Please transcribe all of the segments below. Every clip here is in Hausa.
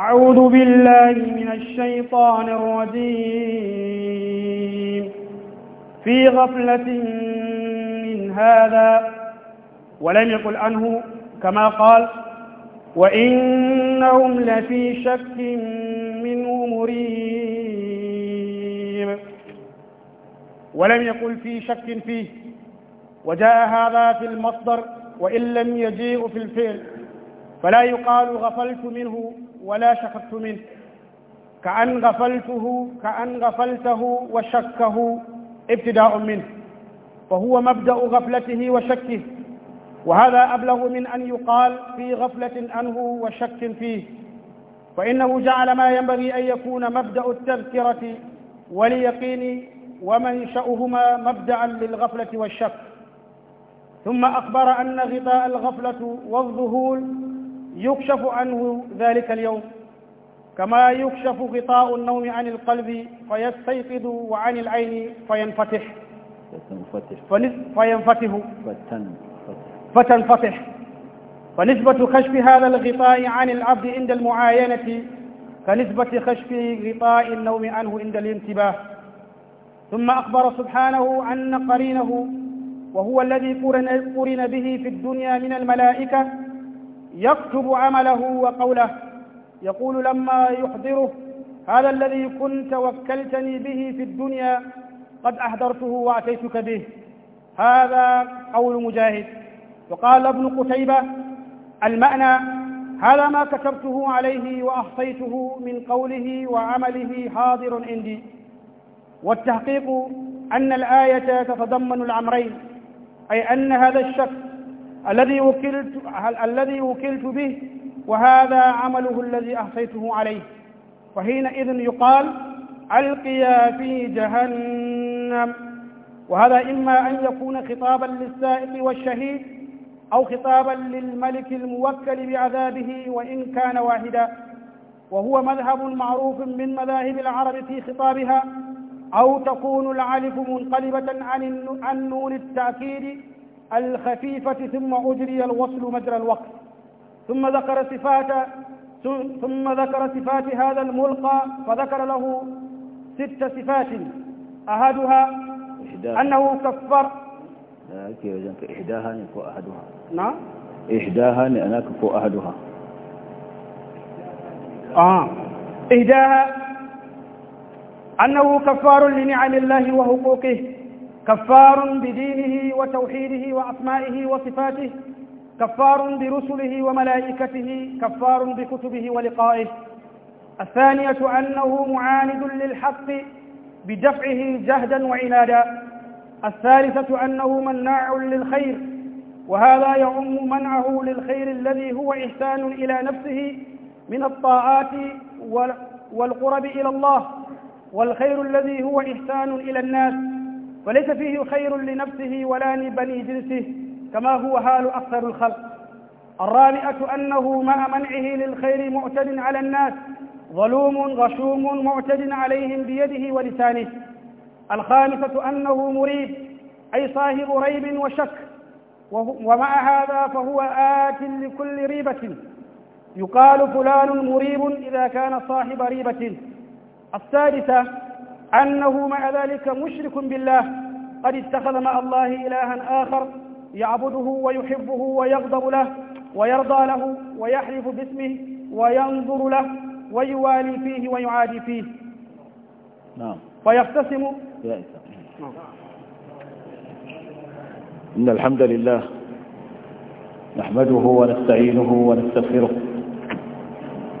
أعوذ بالله من الشيطان الرجيم في غفلة من هذا ولم يقل عنه كما قال وإنهم لفي شك منه مريم ولم يقل في شك فيه وجاء هذا في المصدر وإن لم يجيء في الفعل فلا يقال غفلت منه ولا شكرت منه كأن غفلته كأن غفلته وشكه ابتداء منه فهو مبدأ غفلته وشكه وهذا أبلغ من أن يقال في غفلة عنه وشك فيه فإنه جعل ما ينبغي أن يكون مبدأ التذكرة واليقين ومنشأهما مبدأ للغفلة والشك ثم أخبر أن غطاء الغفلة والظهول يكشف عنه ذلك اليوم كما يكشف غطاء النوم عن القلب فيستيقظ وعن العين فينفتح فينفتح فتنفتح فنسبة كشف هذا الغطاء عن العبد عند المعاينة كنسبة كشف غطاء النوم عنه عند الانتباه ثم أخبر سبحانه أن قرينه وهو الذي قرن به في الدنيا من الملائكة يكتب عمله وقوله يقول لما يحضره هذا الذي كنت وكلتني به في الدنيا قد أحضرته وأتيتك به هذا قول مجاهد وقال ابن قتيبة المعنى هذا ما كتبته عليه وأحصيته من قوله وعمله حاضر عندي والتحقيق أن الآية تتضمن العمرين أي أن هذا الشخص الذي وكلت الذي وكلت به وهذا عمله الذي أحصيته عليه وحينئذ يقال ألقيا في جهنم وهذا إما أن يكون خطابا للسائق والشهيد أو خطابا للملك الموكل بعذابه وإن كان واحدا وهو مذهب معروف من مذاهب العرب في خطابها أو تكون العلف منقلبة عن النون التأكيد الخفيفة ثم أجري الوصل مجرى الوقت ثم ذكر صفات ثم ذكر صفات هذا الملقى فذكر له ست صفات أحدها أنه كفر إحداها نكو يعني أحدها نعم إحداها يعني أنا كفو أحدها آه إحداها أنه كفار لنعم الله وحقوقه كفار بدينه وتوحيده وأسمائه وصفاته كفار برسله وملائكته كفار بكتبه ولقائه الثانية أنه معاند للحق بدفعه جهدا وعنادا الثالثة أنه مناع للخير وهذا يعم منعه للخير الذي هو إحسان إلى نفسه من الطاعات والقرب إلى الله والخير الذي هو إحسان إلى الناس وليس فيه خير لنفسه ولا لبني جنسه كما هو حال أكثر الخلق الرابعة أنه مع منعه للخير معتد على الناس ظلوم غشوم معتد عليهم بيده ولسانه الخامسة أنه مريب أي صاحب ريب وشك ومع هذا فهو آت لكل ريبة يقال فلان مريب إذا كان صاحب ريبة السادسة أنه مع ذلك مشرك بالله قد اتخذ مع الله إلها آخر يعبده ويحبه ويغضب له ويرضى له ويحلف باسمه وينظر له ويوالي فيه ويعادي فيه نعم ويقتسم إن الحمد لله نحمده ونستعينه ونستغفره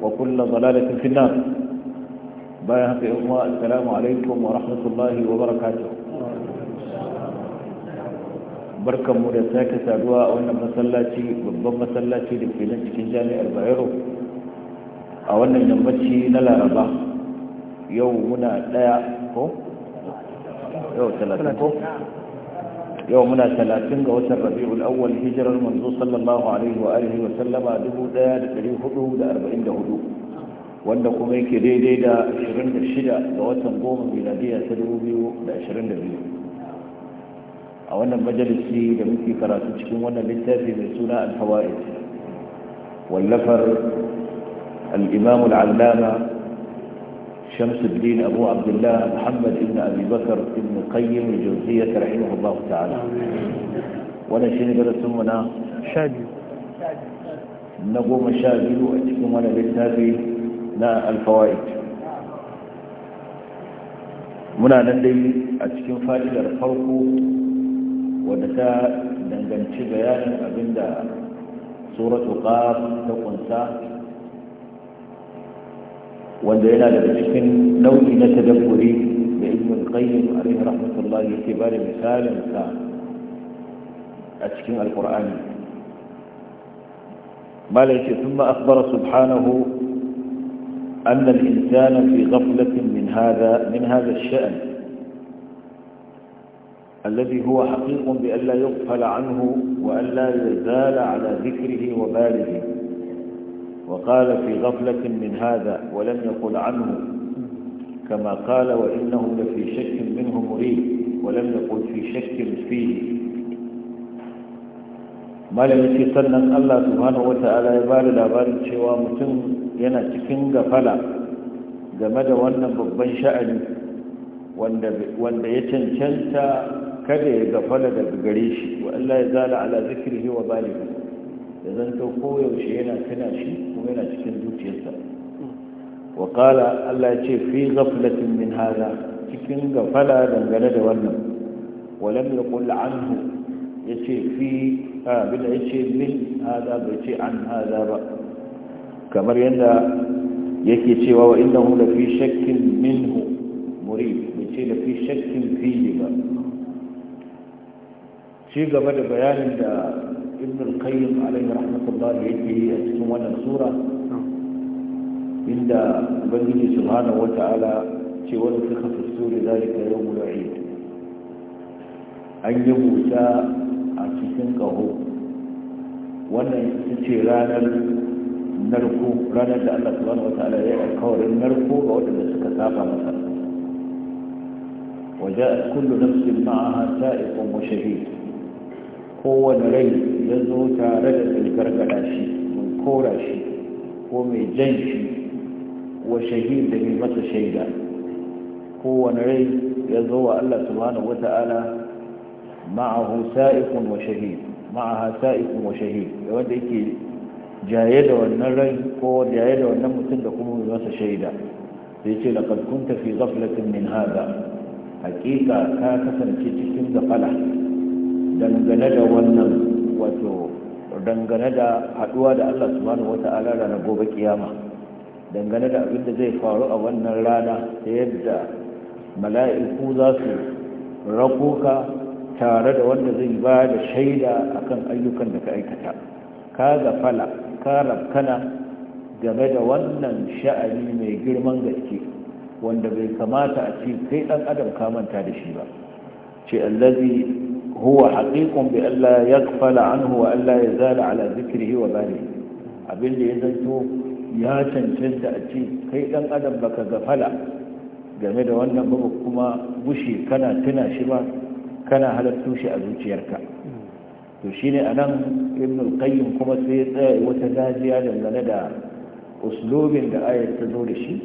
wa kullu dalalatin fi nar bayan haka yau ma assalamu alaikum wa rahmatullahi wa barakatu. barkan mu da sake saduwa a wannan masallaci babban masallaci da ke cikin jami'ar Bayero a wannan yammaci na Laraba yau muna daya ko yau yau muna talatin ga watan rabi'ul awwal hijirar manzo sallallahu alaihi wa alihi wa sallama dubu daya da da da dari hudu arba'in hudu wanda kuma yake daidai da da shida ga watan goma miladiya ta dubu biyu da da ashirin biyu. a wannan majalisi da muke karatu cikin wannan littafi mai suna al-fawaid wallafar al-imam al-allama شمس الدين أبو عبد الله محمد بن أبي بكر بن قيم الجوزية رحمه الله تعالى وانا شيني برسم منا شادي نقوم شادي وأتكم وانا بالتابي نا الفوائد منا نندي أتكم فائدة الفرق ودتا دنجنش بيانا أبندا سورة قاف تقنسا wanda yana daga cikin nau'i na tadabburi da ibn qayyim alaihi rahmatullahi yake ba da misalin sa a cikin alqur'ani malai ce thumma akhbara subhanahu anna al-insana fi ghaflatin min hadha min hadha ash-sha'n الذي هو حقيق بأن لا يغفل عنه وأن لا يزال على ذكره وباله وقال في غفلة من هذا ولم يقل عنه كما قال وإنهم لفي شك منه مريب ولم يقل في شك فيه malamin ce sannan allah subhanahu wata'ala ya ba da labarin cewa mutum yana cikin gafala game da wannan babban sha'ani wanda ya cancanta kada ya gafala daga gare shi wa allah ya zala ala zikirhi wa balihi da zanto koyaushe yana tuna shi kuma yana cikin zuciyarsa wa Allah ya ce fi gaflatin min hada cikin gafala dangane da wannan wa lam yaqul anhu yace fi a ah, bida min hada bai ce an hada ba kamar yadda yake cewa wa innahu la fi shakkin minhu muri bai ce la fi shakkin ba ci gaba da bayanin da ibn al-qayyim alayhi rahmatullah yake yi a cikin wannan sura inda ubangiji subhanahu wata'ala ce wani suka fusuri zalika yawmul eid an yi busa a cikin kaho wannan ita ce ranar narko ranar da Allah subhanahu wataala ya alkawarin narko ga waɗanda suka saba masa waje kullu kowane rai ya zo tare da tsirkarkada shi mai kora shi ko mai jan shi wa shahid da mai masa shaida kowane rai ya zo wa Allah subhanahu wata'ala ma'ahu sa'ikun wa shahid ma'aha sa'ikun wa shahid wanda yake jaye da wannan rai ko jaye da wannan mutum da kuma mai masa shaida sai ce laqad kunta fi ghaflatin min hadha haqiqa ka kasance cikin gafala dangane da wannan wato dangane da haduwa da Allah subhanahu wata'ala ranar gobe kiyama dangane da abin da zai faru a wannan rana da yadda mala'iku za su rakoka tare da wanda zai ba da shaida akan ayyukan da ka aikata ka fala ka rabkana game da wannan sha'ani mai girman gaske wanda bai kamata a ce kai dan adam ka manta da shi ba ce allazi huwa haqiqun bi Allah yaghfala anhu wa Allah yazala ala dhikrihi wa bari abin da ya zanto ya cancanta a ce kai ɗan adam baka gafala game da wannan ba kuma bushe kana tuna shi ba kana halatto shi a zuciyarka to shine anan ibn al-qayyim kuma sai ya tsaya wata gajiya dangane da uslubin da ayar ta zo da shi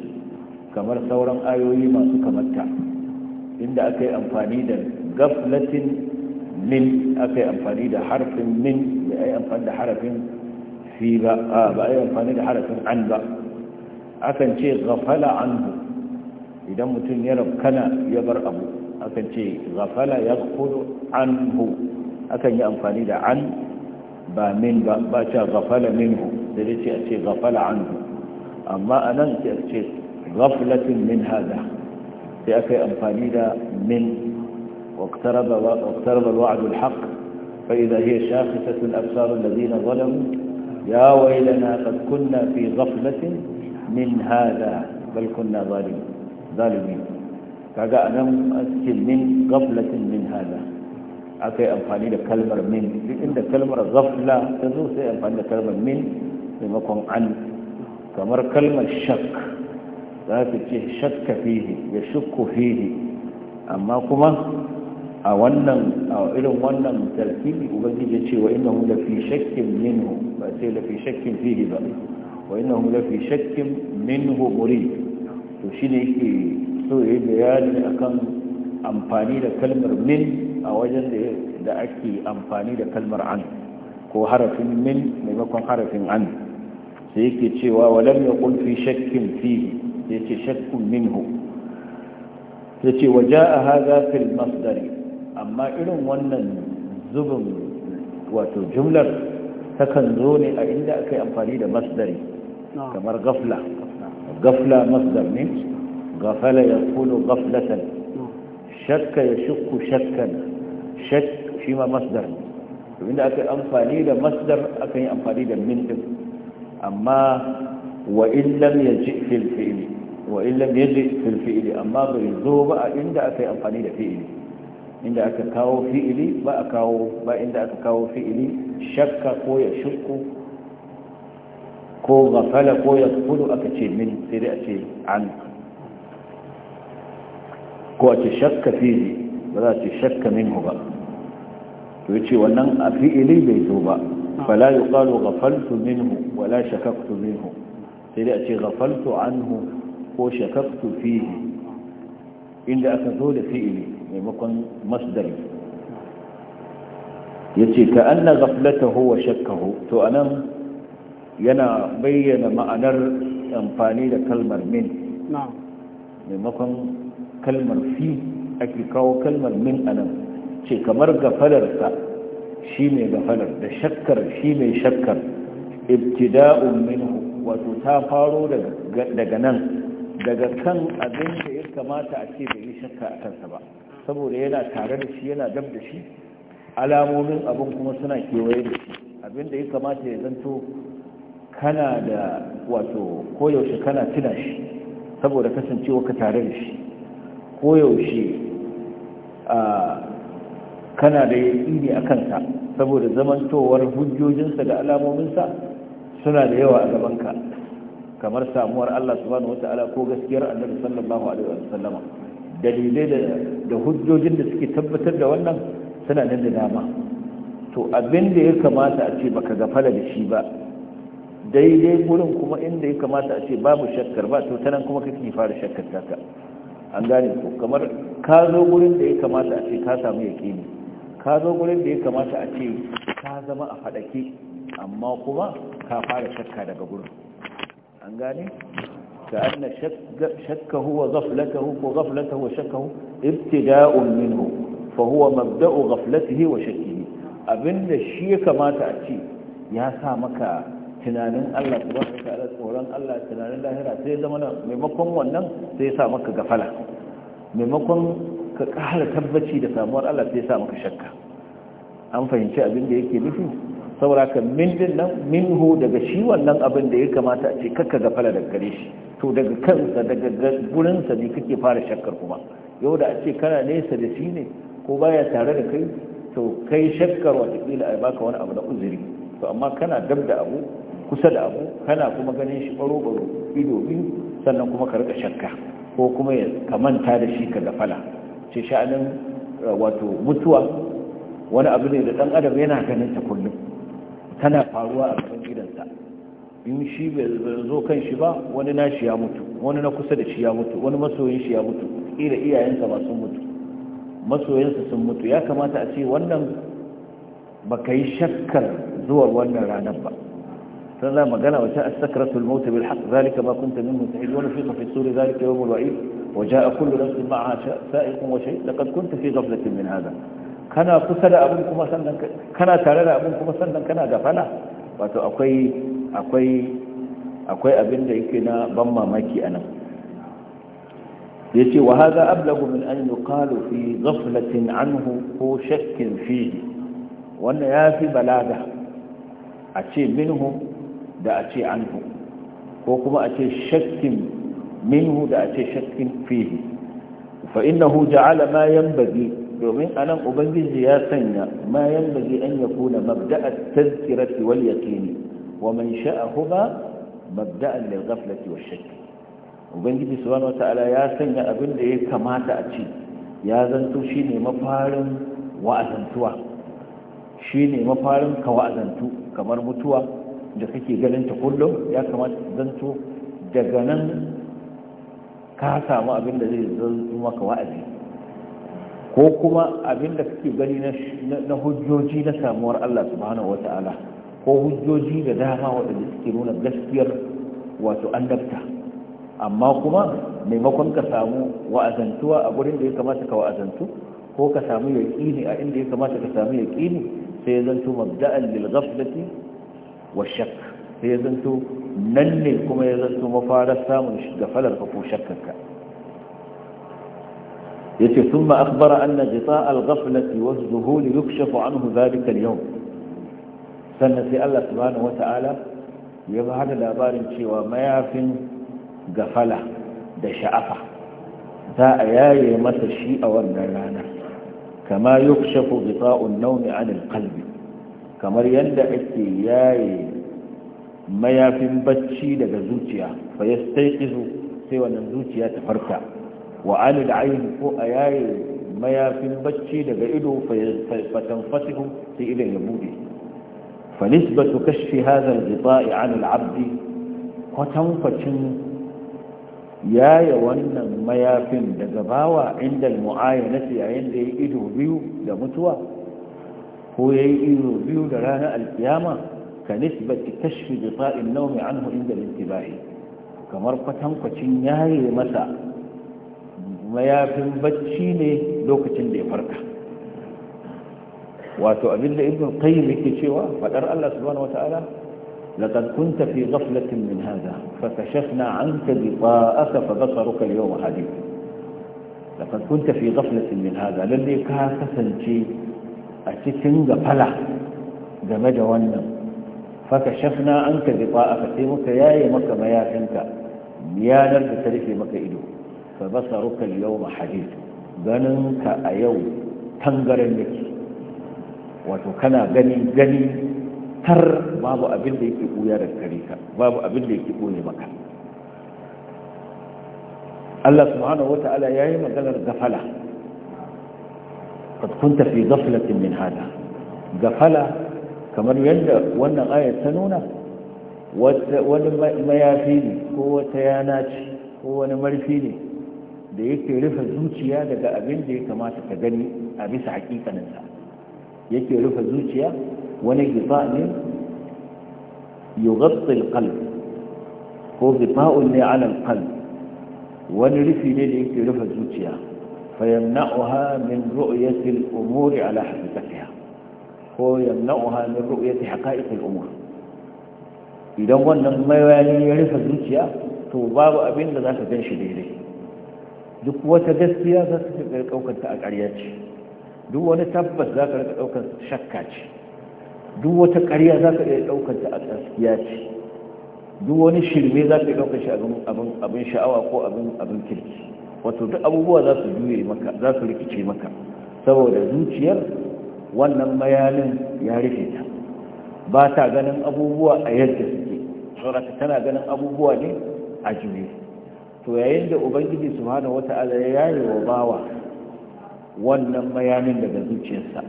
kamar sauran ayoyi masu kamata inda aka yi amfani da gaflatin min aka yi amfani da harfin min da yi amfani da harafin fi ba ba yi amfani da harafin an ba akan ce gafala ghafala bu idan mutum ya rabkana ya bar abu akan ce gafala ya ghafala yaghfulu anhu akan yi amfani da an ba min ba ba ce ghafala minhu da dai ce a ce gafala ghafala bu amma anan sai a ce ghaflatin min hada sai aka yi amfani da min واقترب, واقترب الوعد الحق فإذا هي شاخصة الأبصار الذين ظلموا يا ويلنا قد كنا في غفلة من هذا بل كنا ظالمين فقال نمثل من غفلة من هذا أكي أمخاني لكلمة من إن كلمة غفلة تدوس أمخاني لكلمة من لما كن عن كمر كلمة شك ذات الشك فيه يشك فيه أما كما a wannan a irin wannan tarkibi ubangiji ya ce wa innahu la fi shakkin minhu ba sai la fi shakkin fihi ba wa innahu la fi shakkin minhu murid to shine yake so yayi bayani akan amfani da kalmar min a wajen da ake amfani da kalmar an ko harafin min maimakon harafin an sai yake cewa walam yaqul fi shakkin fihi yace shakkun minhu yace waja'a hadha fil masdari amma irin wannan zubin wato jumlar takan zo ne a inda aka yi amfani da masdari ah. kamar gafla gafla masdar ne gafala ya kulo gaflatan shakka ya shukku shakkan shi ma masdar ne inda aka yi amfani da masdar aka yi amfani da mintin, amma wa illam ya ji fil fi'ili wa illam ya ji fil fi'ili amma bai zo ba a inda aka yi amfani da fi'ili inda aka kawo fi'ili ba a kawo ba inda aka kawo fi'ili shakka ko ya shukku ko gafala ko ya kudu aka ce min sai dai a ce an ko a ce shakka fi'ili ba za a ce shakka min minhu ba to ya yace wannan a fi'ili bai zo ba fala yuqalu min minhu wala shakaktu minhu sai dai a ce ghafaltu anhu ko shakaktu fihi inda aka zo da fi'ili maimakon masdar ya ce, ka anna ghaflatahu wa shakkahu to anan yana bayyana ma'anar amfani da kalmar min maimakon kalmar fi ake kawo kalmar min anan ce kamar gafalarsa shi mai gafalar da shakkar shi mai shakkar ibtida'un minhu wato ta faro daga nan daga kan abin da ya kamata a ce bai yi shakka a kansa ba saboda yana tare da shi yana dab da shi alamomin abin kuma suna kewaye da shi da ya kamata ya zanto kana da wato koyaushe kana tuna shi saboda kasancewa ka tare da shi koyaushe kana da ne a kansa saboda zamantowar hujjojinsa da alamominsa suna da yawa a gabanka kamar samuwar Allah subhanahu ta'ala ko gaskiyar annabi sallallahu alaihi sallama dalilai da hujjojin da suke tabbatar da wannan suna nan da dama to abin da ya kamata a ce baka gafala da shi ba daidai gurin kuma inda ya kamata a ce babu shakkar ba to tanan kuma kake fara shakkar taka an gane ko kamar ka zo gurin da ya kamata a ce ka samu yaƙini ka zo gurin da ya kamata a ce ka zama a fadake amma kuma ka fara shakka daga gurin an gane كأن شك شكه وغفلته وغفلته وشكه ابتداء منه فهو مبدأ غفلته وشكه أبن الشيء كما تأتي يا سامك tunanin Allah subhanahu wataala tsoron Allah tunanin lahira sai zama nan maimakon wannan sai ya sa maka gafala maimakon ka kara tabbaci da samuwar Allah sai ya sa maka shakka an fahimci abin da yake nufi saboda ka min din nan minhu daga shi wannan abin da ya kamata a ce kakka gafala daga gare shi to daga kansa daga gurinsa ne kake fara shakkar kuma yau da a ce kana nesa da shi ne ko baya tare da kai to kai shakkar watakila a baka wani abu na uzuri to amma kana dab da abu kusa da abu kana kuma ganin shi baro-baro ido biyu sannan kuma ka rika shakka ko kuma ya kamanta da shi ka gafala ce sha'anin eh, wato mutuwa wani abu ne da dan adam yana ganin ta kullum tana faruwa a gaban gidan in shi bai zo kan shi ba wani na shi ya mutu wani na kusa da shi ya mutu wani masoyin shi ya mutu kila iyayensa ba sun mutu masoyansa sun mutu ya kamata a ce wannan ba ka yi shakkar zuwar wannan ranar ba sun za magana wata as-sakratul maut bil haqq zalika ma kunta minhu tahid wa fi fi suri zalika yawm al-wa'id wa jaa kullu nafsin ma'aha sa'iqun wa shay laqad kunta fi ghaflatin min hadha kana kusa da abin kuma sannan kana tare da abin kuma sannan kana gafala wato akwai akwai abin da yake na ban mamaki a nan ya ce wa haza ablahu min an yuqalu fi ghaflatin anhu ko shakkin fihi wannan ya fi balaga a ce minhu da a ce anhu ko kuma a ce shakkin minhu da a ce shakkin fihi na innahu ja'ala ma yanbaghi domin anan ubangiji ya sanya ma bagi an yakuna mabda'a tazkirati wal yaqini ومن شاءهما مبدا للغفله والشك ubangiji subhanahu wataala ya sanya abin da ya kamata a ce ya zanto shine mafarin wa'azantuwa shine mafarin ka wa'azantu kamar mutuwa da kake ganin ta kullum ya kamata zanto daga nan ka samu abin da zai zanto maka wa'azi ko kuma abin da kake gani na hujjoji na samuwar Allah subhanahu ta'ala. ko hujjoji da dama waɗanda suke nuna gaskiyar wato annabta amma kuma maimakon ka samu wa'azantuwa a gurin da ya kamata ka wa'azantu ko ka samu yaqini a inda ya kamata ka samu yaqini sai ya zanto mabda'an lil ghaflati wa shakk sai ya zanto nan ne kuma ya zanto mafarar samun gafalar ka ko shakkanka yace thumma akhbara anna jita'al ghaflati wa az-zuhul yukshafu anhu dhalika al-yawm sannan sai Allah subhanahu wata'ala ya ba da labarin cewa mayafin gafala da sha'afa za a yaye masa shi a wannan rana kama yukshafu bita'un nawmi 'anil qalbi kamar yadda ake yaye mayafin bacci daga zuciya fa yastayqizu sai wannan zuciya ta farka wa 'anil 'ayn ko a yaye mayafin bacci daga ido fa tanfasihu sai idan ya bude فنسبة كشف هذا الغطاء عن العبد وتنفتن يا يوانا ميافن دقباوة عند المعاينة عند إيدو بيو لمتوى هو يإيدو بيو لرانا القيامة كنسبة كشف غطاء النوم عنه عند الانتباه kamar kwatankwacin yaye masa mayafin bacci ne lokacin da ya farka wato abinda ibn qayyim yake cewa fadar Allah subhanahu wataala laqad kunta fi ghaflatin min hadha fakashafna 'anka ghita'aka fabsaruka al-yawma hadid laqad kunta fi ghaflatin min hadha lalle ka kasance a cikin gafala game da wannan fakashafna 'anka ghita'aka sai muka yaye maka mayafinka yanar da ta rufe maka ido فبصرك اليوم حديث ganinka a yau tangaren yake wato kana gani gani tar babu abin da yake buya da kare ka babu abin da yake buye maka Allah subhanahu wata'ala yayi maganar gafala qad kunta fi ghaflatin min hada gafala kamar yadda wannan ayat ta nuna wani mayafi ne ko wata yana ce ko wani marfi ne da yake rufe zuciya daga abin da ya kamata ka gani a bisa haƙiƙaninsa. yake rufe zuciya wani gifa ne yughassil qalb ko gifa'un ne ala alqalb wani rufi ne da yake rufe zuciya فيمنعها من رؤية الأمور على حقيقتها هو يمنعها من رؤية حقائق الأمور idan wannan maiwani ya rufe zuciya to babu abin da za ka gan shi daidai duk wata gaskiya za ta fi ƙaukarta a ƙarya ce duk wani tabbas za ka rika ɗaukar shakka ce duk wata ƙarya za ka iya ɗaukar ta a gaskiya ce duk wani shirme za ka iya ɗaukar shi abin sha'awa ko abin kirki wato duk abubuwa za su juye maka za su rikice maka saboda zuciyar wannan mayalin ya rufe ta ba ta ganin abubuwa a yadda suke saurata tana ganin abubuwa ne a juye to yayin da ubangiji subhanahu wata'ala ya yi wa bawa wannan bayanin daga zuciyarsa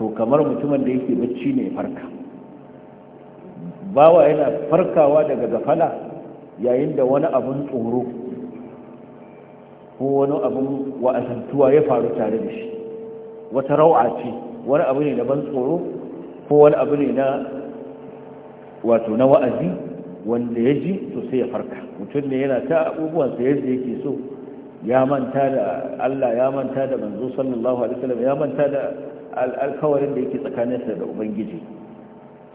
to kamar mutumin da yake bacci ne farka bawa yana farkawa daga gafala yayin da wani abun tsoro ko wani abun wa'azantuwa ya faru tare da shi wata rawa ce wani abu ne na ban tsoro ko wani abu ne na wato na wa'azi wanda ya ji sosai sai ya farka mutum ne yana ta abubuwan abubuwansa yadda yake so ya manta da Allah ya manta da manzo sallallahu alaihi wasallam ya manta da alkawarin da yake sa da ubangiji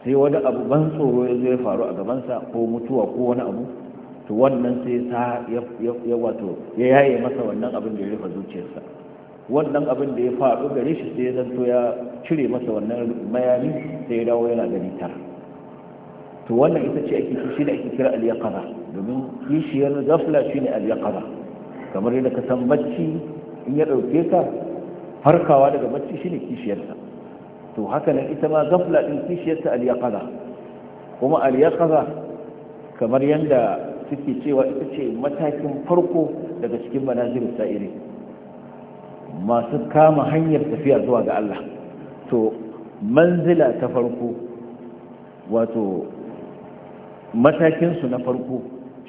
sai wani abu ban tsoro ya zo ya faru a gabansa ko mutuwa ko wani abu to wannan sai ya ya wato ya yaye masa wannan abin da ya rufe sa wannan abin da ya faru gare shi sai ya zanto ya cire masa wannan mayani sai ya dawo yana gari tara to wannan ita ce ake shi da ake kira al-yaqaza domin kishiyar gafla shine al-yaqaza kamar yadda ka san bacci in ya ɗauke ka farkawa daga bacci shine kishiyarsa to haka nan ita ma gafla ɗin kishiyarta aliyakaza kuma aliyakaza kamar yadda suke cewa ita ce matakin farko daga cikin ta sa'iri masu kama hanyar tafiya zuwa ga Allah to manzila ta farko wato matakinsu na farko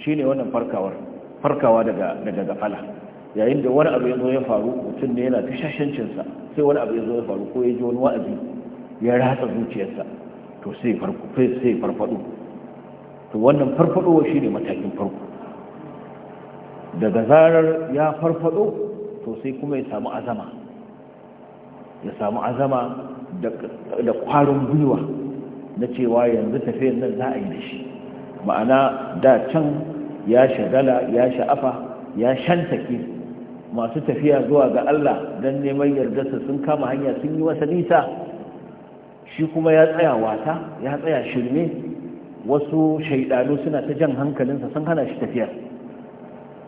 shine wannan farkawar farkawa daga daga gafala yayin da wani abu ya zo ya faru mutum ne yana ta sai wani abu ya zo ya faru ko ya ji wani wa'azi ya ratsa zuciyarsa to sai farko sai farfado to wannan farfadowa shine matakin farko daga zarar ya farfado to sai kuma ya samu azama ya samu azama da kwarin gwiwa na cewa yanzu tafiyan nan za a yi da shi ma'ana da can ya shagala ya sha'afa ya shantake masu tafiya zuwa ga Allah don neman yardarsa sun kama hanya sun yi masa nisa shi kuma ya tsaya wata ya tsaya shirme wasu shaidanu suna ta jan hankalinsa sun hana shi tafiya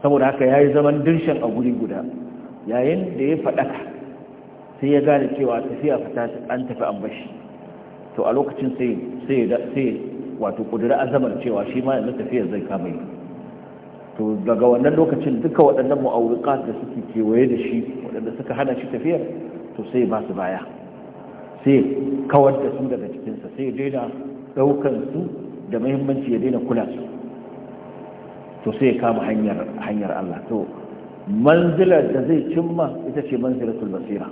saboda haka ya yi zaman dirshan a guri guda yayin da ya faɗaka sai ya gane cewa tafiya fata an tafi an bashi to a lokacin sai wato kudura azamar cewa shi ma yanzu tafiyar zai kama yi to daga wannan lokacin duka waɗannan ma'aurika da suke kewaye da shi waɗanda suka hana shi tafiyar to sai ba su baya sai kawar da su daga cikinsa sai daina ɗaukan su da muhimmanci ya daina kula su to sai ya kama hanyar hanyar Allah to manzilar da zai cimma ita ce manzilatul basira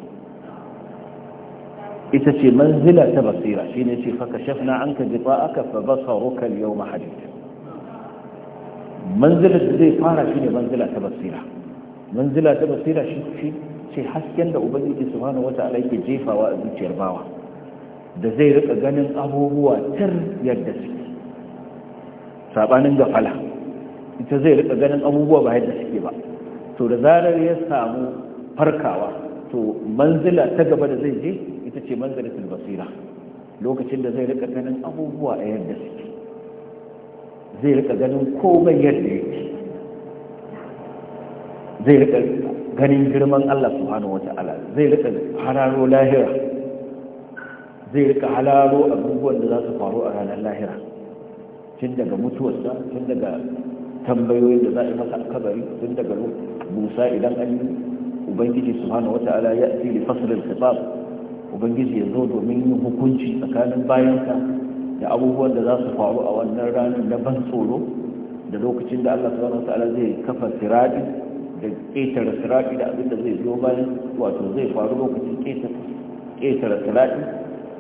ita ce manzila ta basira ya ce faka shafna anka jifa'aka fa basaruka al-yawma hadith Manzila da zai fara shi ne manzila ta basira manzila ta basira shi ce hasken da ubangiji subhanahu wata'ala yake jefawa a zuciyar bawa da zai rika ganin abubuwa tar yadda suke sabanin gafala ita zai rika ganin abubuwa ba yadda suke ba to da zarar ya samu farkawa to manzila ta gaba da zai je ita ce manzilatul basira lokacin da zai rika ganin abubuwa a yadda suke zai rika ganin komai yadda yake zai rika ganin girman Allah subhanahu wata'ala zai rika hararo lahira zai rika hararo abubuwan da za su faru a ranar lahira tun daga mutuwarsa tun daga tambayoyin da za a yi masa kabari tun daga busa idan an yi ubangiji subhanahu wata'ala ya fi fasalin khitab ubangiji ya zo domin yin hukunci tsakanin bayansa da abubuwan da za su faru a wannan ranar na ban tsoro da lokacin da Allah subhanahu ta'ala zai kafa siradi da ƙetare siradi da abin da zai zo bayan wato zai faru lokacin ƙetare siradi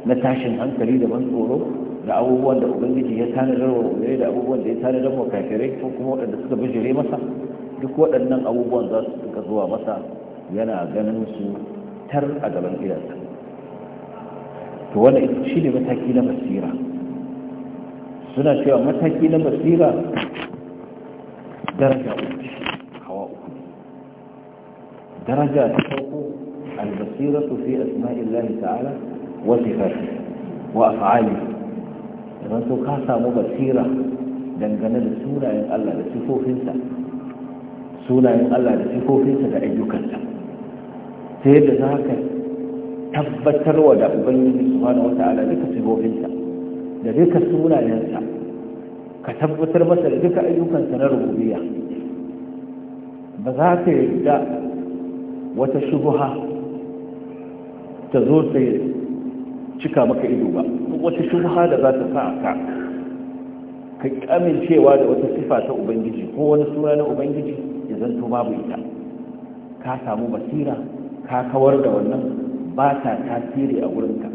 na tashin hankali da ban tsoro da abubuwan da ubangiji ya tana da ubangiji da abubuwan da ya da wa kafirai ko kuma waɗanda suka bijire masa duk waɗannan abubuwan za su suka zuwa masa yana ganin su tar a gaban idansa to wannan shi ne mataki na basira suna cewa mataki na basira daraja uku hawa uku daraja ta farko albasiratu fi asma'illahi ta'ala wa sifati wa af'ali idan so ka samu basira dangane da sunayen Allah da sifofinsa sunayen Allah da sifofinsa da ayyukansa sai da za ka tabbatarwa da ubangiji subhanahu wata'ala duka sifofinsa da duka sunayensa ka tabbatar masa da duka ayyukansa na rububiya ba za ka yarda wata shubuha ta zo ta cika maka ido ba wata shubuha da za ta sa ka ka amincewa da wata sifa ta ubangiji ko wani suna na ubangiji ya zanto babu ita ka samu basira ka kawar da wannan ba ta tasiri a wurinka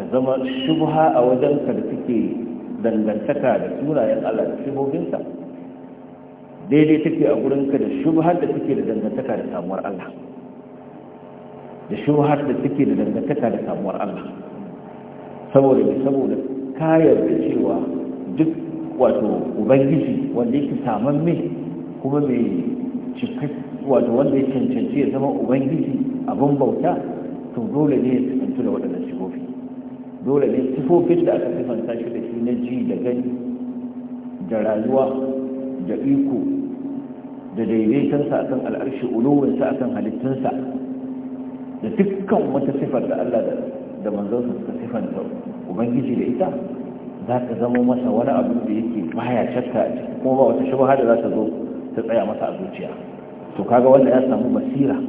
ta zama shubha a wajenka da take dangantaka da sunayen Allah da shubobinsa daidai take a gurinka da shubhar da take da dangantaka da samuwar Allah da shubhar da take da dangantaka da samuwar Allah saboda ne saboda kayar da cewa duk wato ubangiji wanda yake saman mai kuma mai cikin wato wanda ya cancanci ya zama ubangiji abin bauta to dole ne ya tsanci da waɗannan dole ne sifofin da aka sifanta shi da shi na ji da gani da rayuwa da iko da daidaitansa a kan al'arshi ulowinsa a kan halittunsa da dukkan wata sifar da Allah da manzansa suka sifanta ubangiji da ita za ka zama masa wani abu da yake baya shakka a ciki kuma ba wata shubaha da za ta zo ta tsaya masa a zuciya to kaga wanda ya samu basira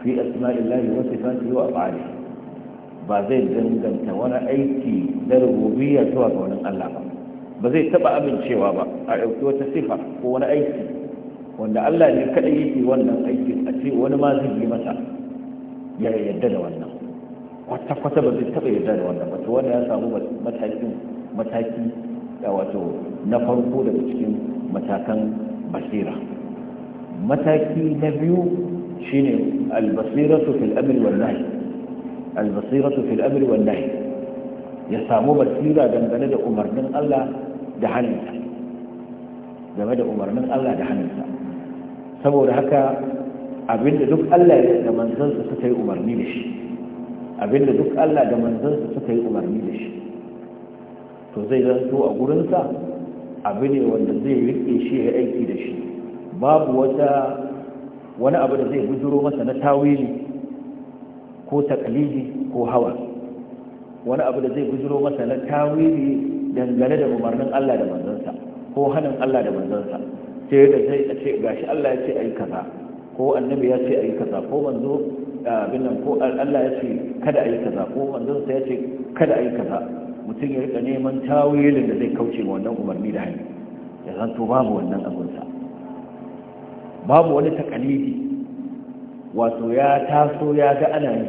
fi asma'illahi wa sifatihi wa af'alihi ba zai danganta wani aiki da rububiyya zuwa ga wani Allah ba ba zai taba amincewa ba a ɗauki wata sifa ko wani aiki wanda Allah ne kaɗai yake wannan aikin a ce wani ma zai yi masa ya yarda da wannan kwata kwata ba zai taba yarda da wannan ba to ya samu matakin mataki da wato na farko daga cikin matakan basira mataki na biyu shine al-basiratu fil amri wal nahy albasiratu fil amri wan nahy ya samu basira dangane da umarnin Allah da hannunsa game da umarnin Allah da hannunsa saboda haka abinda duk Allah da manzansa suka yi umarni da shi abinda duk Allah da manzansa suka yi umarni da shi to zai zanto a gurinsa abu ne wanda zai riƙe shi ya aiki da shi babu wata wani abu da zai bujuro masa na tawili ko taklidi ko hawa wani abu da zai bujiro masa na tawili dangane da umarnin Allah da manzansa ko hanin Allah da manzansa sai da zai ce gashi Allah ya ce yi kaza ko annabi ya ce yi kaza ko manzo abin nan ko Allah ya ce kada yi kaza ko manzansa ya ce kada yi kaza mutum ya rika neman tawilin da zai kauce wannan umarni da hanyar ya zanto babu wannan abunsa babu wani takalidi wato ya taso ya ga ana yi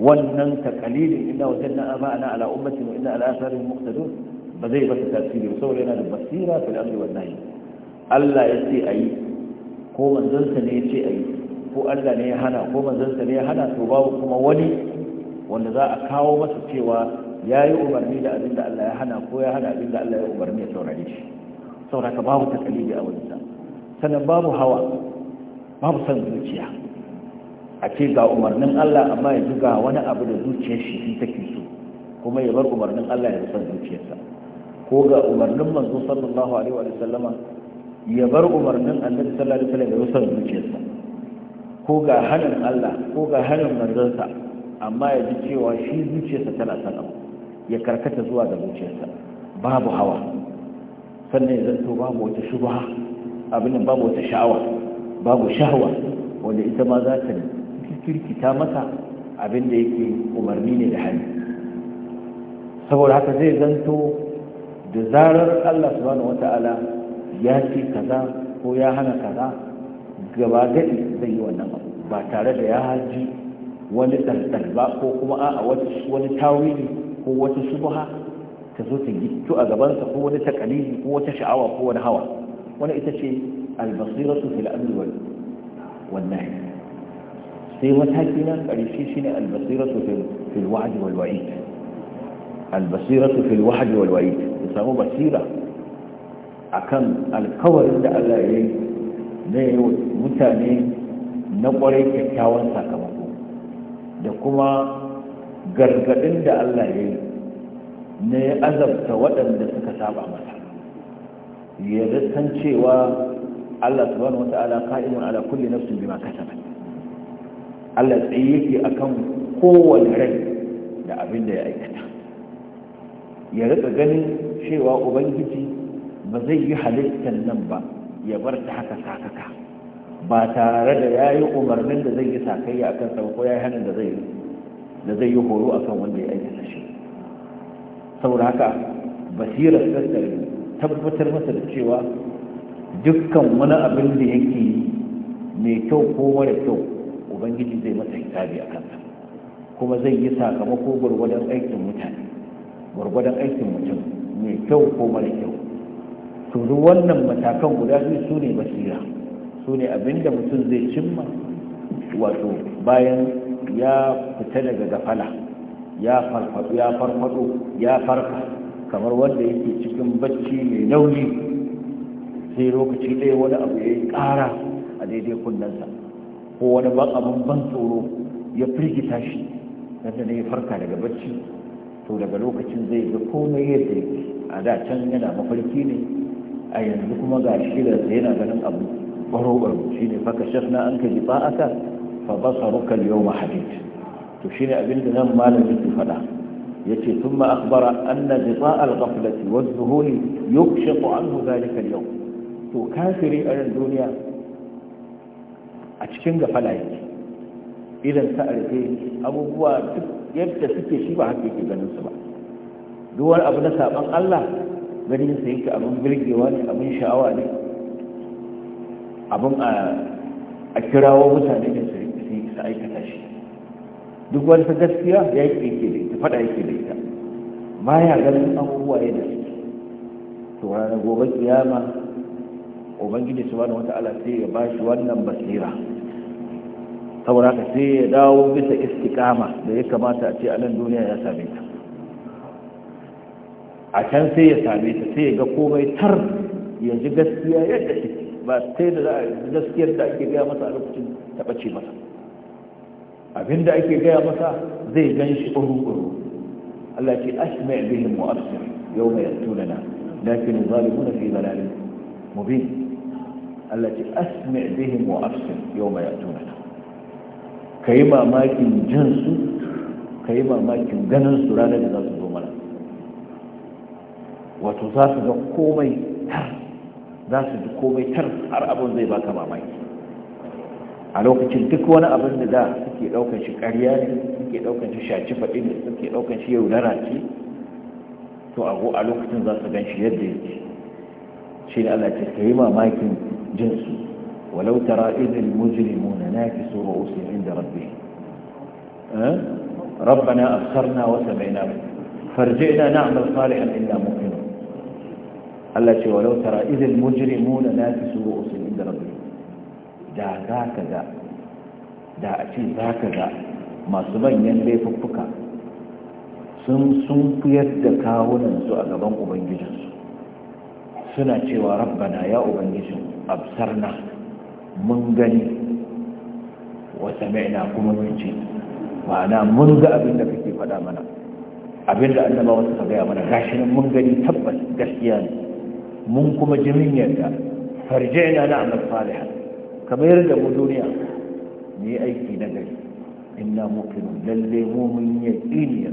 wannan ka kalilin inna wajanna amana ala ummatin wa inna ala asarin muqtadun ba zai masa tasiri ba saboda yana da basira fil amri wan nahi Allah ya ce ayi ko manzansa ne ya ce ayi ko Allah ne ya hana ko manzansa ne ya hana to babu kuma wani wanda za a kawo masa cewa ya yi umarni da abin da Allah ya hana ko ya hana abin da Allah ya umarni ya saurare shi ka babu takalidi a wajensa sannan babu hawa babu son zuciya a ce ga umarnin Allah amma ya zuga wani abu da zuciyar shi shi take so kuma ya bar umarnin Allah ya san zuciyarsa ko ga umarnin manzo sallallahu alaihi wa sallama ya bar umarnin annabi sallallahu alaihi wa sallam ya san zuciyarsa ko ga hanin Allah ko ga hanin manzonsa amma ya ji cewa shi zuciyarsa tana san abu ya karkata zuwa ga zuciyarsa babu hawa sannan ya zanto babu wata shubha abin babu wata sha'awa babu shahwa wanda ita ma za ta kirkita masa abin da yake umarni ne da hali saboda haka zai zanto da zarar Allah subhanahu wata'ala ya ce kaza ko ya hana kaza gaba gadi zai yi wannan abu ba tare da ya haji wani ɗanɗan ba ko kuma a wani tawili ko wata subha ta zo ta gittu a gabansa ko wani takalili ko wata sha'awa ko wani hawa wani ita ce albasiratu fil amri wal wannan sai mataki na ƙarshe shine albasiratu fil wa'd wal wa'id albasiratu fil wa'd wal wa'id ya samu basira akan alkawarin da Allah ya yi na mutane na kwarai kyakkyawan sakamako da kuma gargadin da Allah ya yi na ya azabta waɗanda suka saba masa ya san cewa Allah subhanahu wata'ala qa'imun ala kulli nafsin bima kasabat Allah tsaye yake akan kowane rai da abin da ya aikata ya rika ganin cewa ubangiji ba zai yi halittar nan ba ya bar ta haka sakaka ba tare da ya yi umarnin da zai yi sakayya akan sa ko ya yi hannun da zai yi horo akan wanda ya aikata shi saboda haka basirar sassare tabbatar masa da cewa dukkan wani abin da yake mai kyau ko mara kyau ubangiji zai masa hisabi a kansa kuma zai yi sakamako gwargwadon aikin mutane gwargwadon aikin mutum mai kyau ko mara kyau to duk wannan matakan guda biyu su ne basira su ne abin da mutum zai cimma wato bayan ya fita daga gafala ya farfado ya farfado ya farka kamar wanda yake cikin bacci mai nauyi sai lokaci ɗaya wani abu ya yi ƙara a daidai kunnensa ko wani ban abin ban tsoro ya firgita shi yadda ne ya farka daga bacci to daga lokacin zai ga komai yadda a da can yana mafarki ne a yanzu kuma ga shi da yana ganin abu baro baro shi ne faka shafna an ka jifa aka fa basaruka yawma hadid to ne abin da nan malamin su faɗa yace thumma an anna jifaa al-ghaflati wa yau dhuhuri yukshifu anhu dhalika al-yawm to kafiri a ran duniya a cikin gafala yake idan ta arfe abubuwa duk yadda suke shi ba haka yake ganin su ba duk wani abu na saban Allah ganin sa yake abin birgewa ne abin sha'awa ne abin a kirawo mutane ne su aikata shi duk wani ta gaskiya ya yi yake da ita faɗa yake da ita ba ya ganin abubuwa yadda suke to ranar gobe kiyama ubangiji wata ala sai ya bashi wannan basira saboda sai ya dawo bisa istikama da ya kamata a ce a nan duniya ya same ta a can sai ya same ta sai ya ga komai tar ya ji gaskiya yadda shi ba sai da za a gaskiyar da ake gaya masa a lokacin ce masa abin da ake gaya masa zai gan shi ɓuru-ɓuru Allah ce ashma bihim wa absir yau mai yattunana lakin zalimu na fi zalalin mubin Allah ce asmi bihim wa afsir yawma Ka kai mamakin jin su kai mamakin ganin su ranar da za su zo mana wato za su ga komai tar za su ji komai tar har abin zai baka mamaki a lokacin duk wani abin da da suke daukan shi ƙarya ne suke daukan shi faɗi ne suke daukan shi yaudara ce to a lokacin za su gan shi yadda yake shi ne Allah ce ka yi mamakin جنس ولو ترى إذ المجرمون ناكس رؤوس عند ربهم أه؟ ربنا أبصرنا وسمعنا فارجئنا نعمل صالحا إلا مؤمنون التي ولو ترى إذ المجرمون ناكس رؤوس عند ربهم دا ذاك ذا دا أتي ذاك ذا ما سمين ينبي فكفكا sun sun fiyar da kawunansu a gaban ubangijinsu suna cewa rabbana ya absarna mun gani wa sami'na kuma mun ce, ma'ana mun ga abin da kake faɗa mana abin da daba suka gaya mana gashi nan mun gani tabbas gaskiya ne mun kuma ji yadda farje na na amal salihan kamar da mu duniya ne aiki na gari inna mukin lalle mu mun yaqini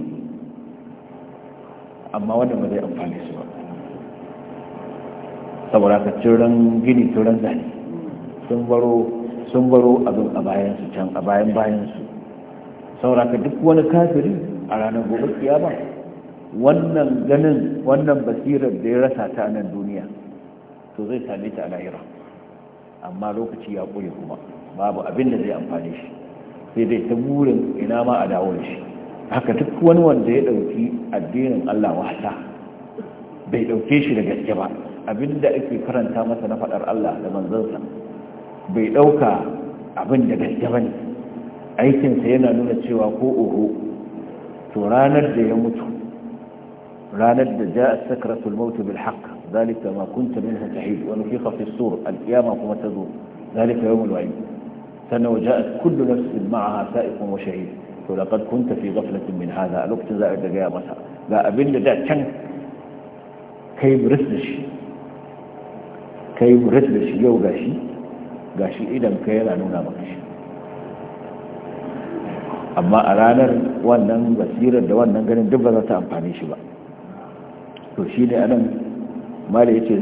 amma wannan ba zai amfani su ba saboda ka turan gini turan zane sun baro abin a bayan su can a bayan bayan su saboda ka duk wani kafiri a ranar gobe kiyama wannan ganin wannan basirar da ya rasa ta nan duniya to zai same ta a lahira amma lokaci ya ƙure kuma babu abin da zai amfani shi sai dai ta burin ina ma a dawo shi haka duk wani wanda ya ɗauki addinin Allah wasa bai ɗauke shi da gaske ba abinda ake karanta masa na faɗar Allah da manzansa bai ɗauka abin da gaske ba ne aikinsa yana nuna cewa ko oho to ranar da ya mutu ranar da ja a sakaratul mautu bil haq zalika ma kunta minhu tahid wa nufiqa fi sur al qiyama kuma tazo zalika yawmul wa'id sannan waja'at kullu nafsin ma'aha sa'iqun wa shahid to laqad kunta fi ghaflatin min hadha a lokacin za a ga ya masa ga abin da da can kai buris da shi kai muras da shi yau ga gashi idan ka yana nuna maka shi amma a ranar wannan basirar da wannan ganin duk ba za ta amfani shi ba to shi ne anan mali ya ce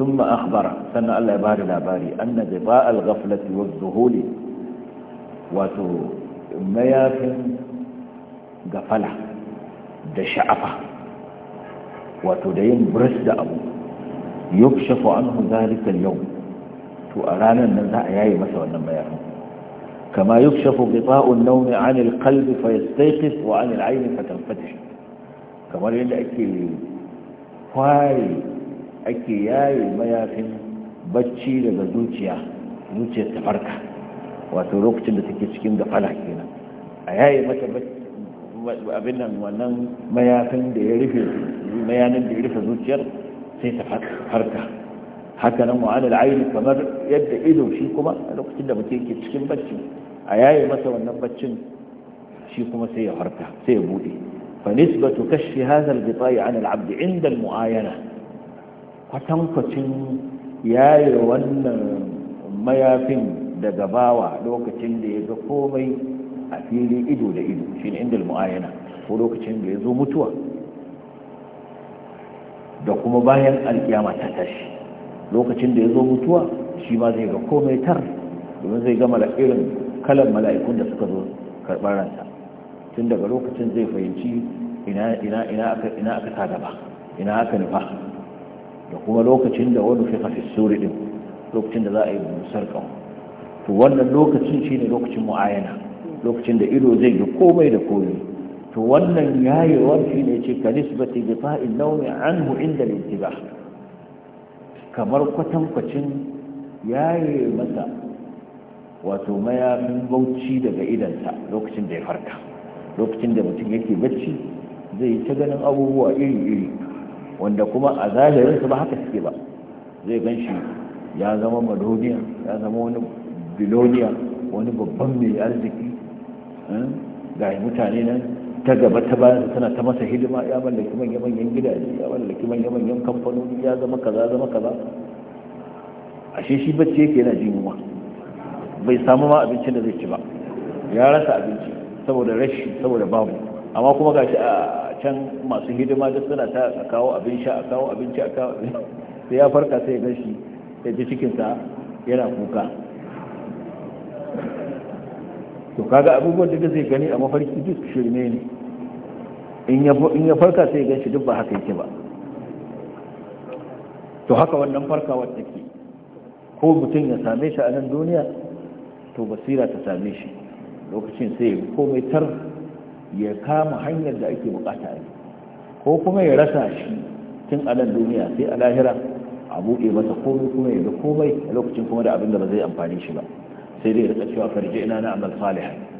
sun ma'akbara sannan allah ya ba da labari an na ba al-gaflati wa zuhuli wato mayafin gafala da sha'afa wato da yin buras da abu yukshafu anhu zalika al-yawm to a ranar nan za a yaye masa wannan bayanin kama yukshafu qita'un nawm 'an al-qalb fa yastayqif wa 'an al-'ayn fa tanfatih kamar yadda ake kwari ake yaye mayafin bacci daga zuciya zuciyar ta farka wato lokacin da take cikin gafala kenan a yaye mata abin nan wannan mayafin da ya rufe mayanin da ya rufe zuciyar sai ta farka haka nan wa'ala aini kamar yadda ido shi kuma a lokacin da mutum yake cikin bacci a yaye masa wannan baccin shi kuma sai ya farka sai ya bude fa nisbatu kashfi hadha al-ghita'i 'ala al-'abd 'inda muayana kwatankwacin yaye wannan mayafin daga bawa lokacin da ya ga komai a fili ido da ido shine inda muayana ko lokacin da ya zo mutuwa da kuma bayan alkiyama ta tashi lokacin da ya zo mutuwa shi ma zai ga komai tar domin zai gama da irin kalan mala'ikun da suka zo karɓar ransa tun daga lokacin zai fahimci ina ina ina aka ina aka ta gaba ina aka nufa da kuma lokacin da wani fi kafin suri din lokacin da za a yi musar kan to wannan lokacin shi ne lokacin mu'ayana lokacin da ido zai ga komai da komai to wannan yayewar shi ne ce ka nisbati bi fa'in naumi anhu inda al-intibah kamar kwatankwacin yaye masa wato mayafin bauchi daga idansa lokacin da ya farka lokacin da mutum yake bacci zai ta ganin abubuwa iri-iri wanda kuma a zahirinsa ba haka suke ba zai gan shi ya zama madoniya ya zama wani biloniya wani babban mai arziki eh, ga mutane nan ta gaba ta bayan tana ta masa hidima ya mallaki manya-manyan gidaje ya mallaki manya-manyan kamfanoni ya zama kaza zama kaza ashe shi bacci yake yana jin yunwa bai samu ma abincin da zai ci ba ya rasa abinci saboda rashi saboda babu amma kuma shi a can masu hidima duk suna ta kawo abin sha a kawo abinci a kawo sai ya farka sai ya gashi ya ji cikinsa yana kuka to kaga abubuwan da zai gani a mafarki duk shirme ne in ya farka sai gan shi duk ba haka yake ba to haka wannan farkawar take ko mutum ya same shi a nan duniya to basira ta same shi lokacin sai ya komai tar ya kama hanyar da ake bukata a ko kuma ya rasa shi tun a nan duniya sai a lahira a buɗe masa komai kuma ya ga komai lokacin kuma da abin da ba zai amfani shi ba sai dai ya rika cewa farji ina na amal salihan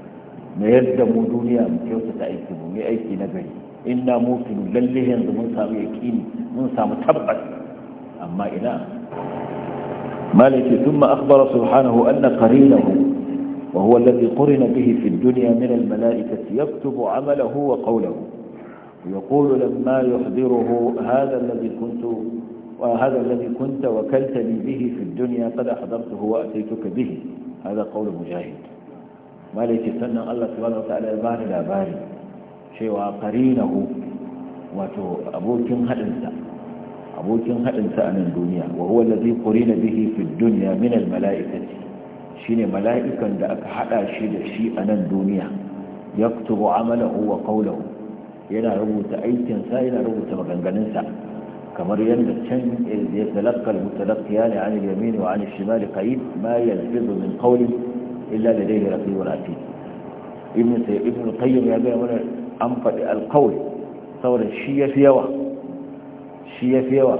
na yadda mu duniya mu kyautata aiki mu yi aiki na gari inna mutinu lalle yanzu mun samu yaqini mun samu tabbas amma ina مالك ثم أخبر سبحانه أن قرينه وهو الذي قرن به في الدنيا من الملائكة يكتب عمله وقوله ويقول لما يحضره هذا الذي كنت وهذا الذي كنت وكلتني به في الدنيا قد أحضرته وأتيتك به هذا قول مجاهد malaki sannan Allah subhanahu wataala ya bani labari cewa qarinahu wato abokin hadinsa abokin a nan duniya wa huwa allazi na bihi fi dunya min al mala'ikati shine mala'ikan da aka hada shi da shi a nan duniya yaktubu amalahu wa qawluhu yana rubuta aikinsa yana rubuta maganganunsa kamar yadda can ya talakka al ne an al-yamin wa an al kayi ma yalfizu min qawlin illa da dai rafi wa rafi ibn sai ibn qayyim ya ga mana an faɗi alqaul saboda shi ya fi yawa shi ya fi yawa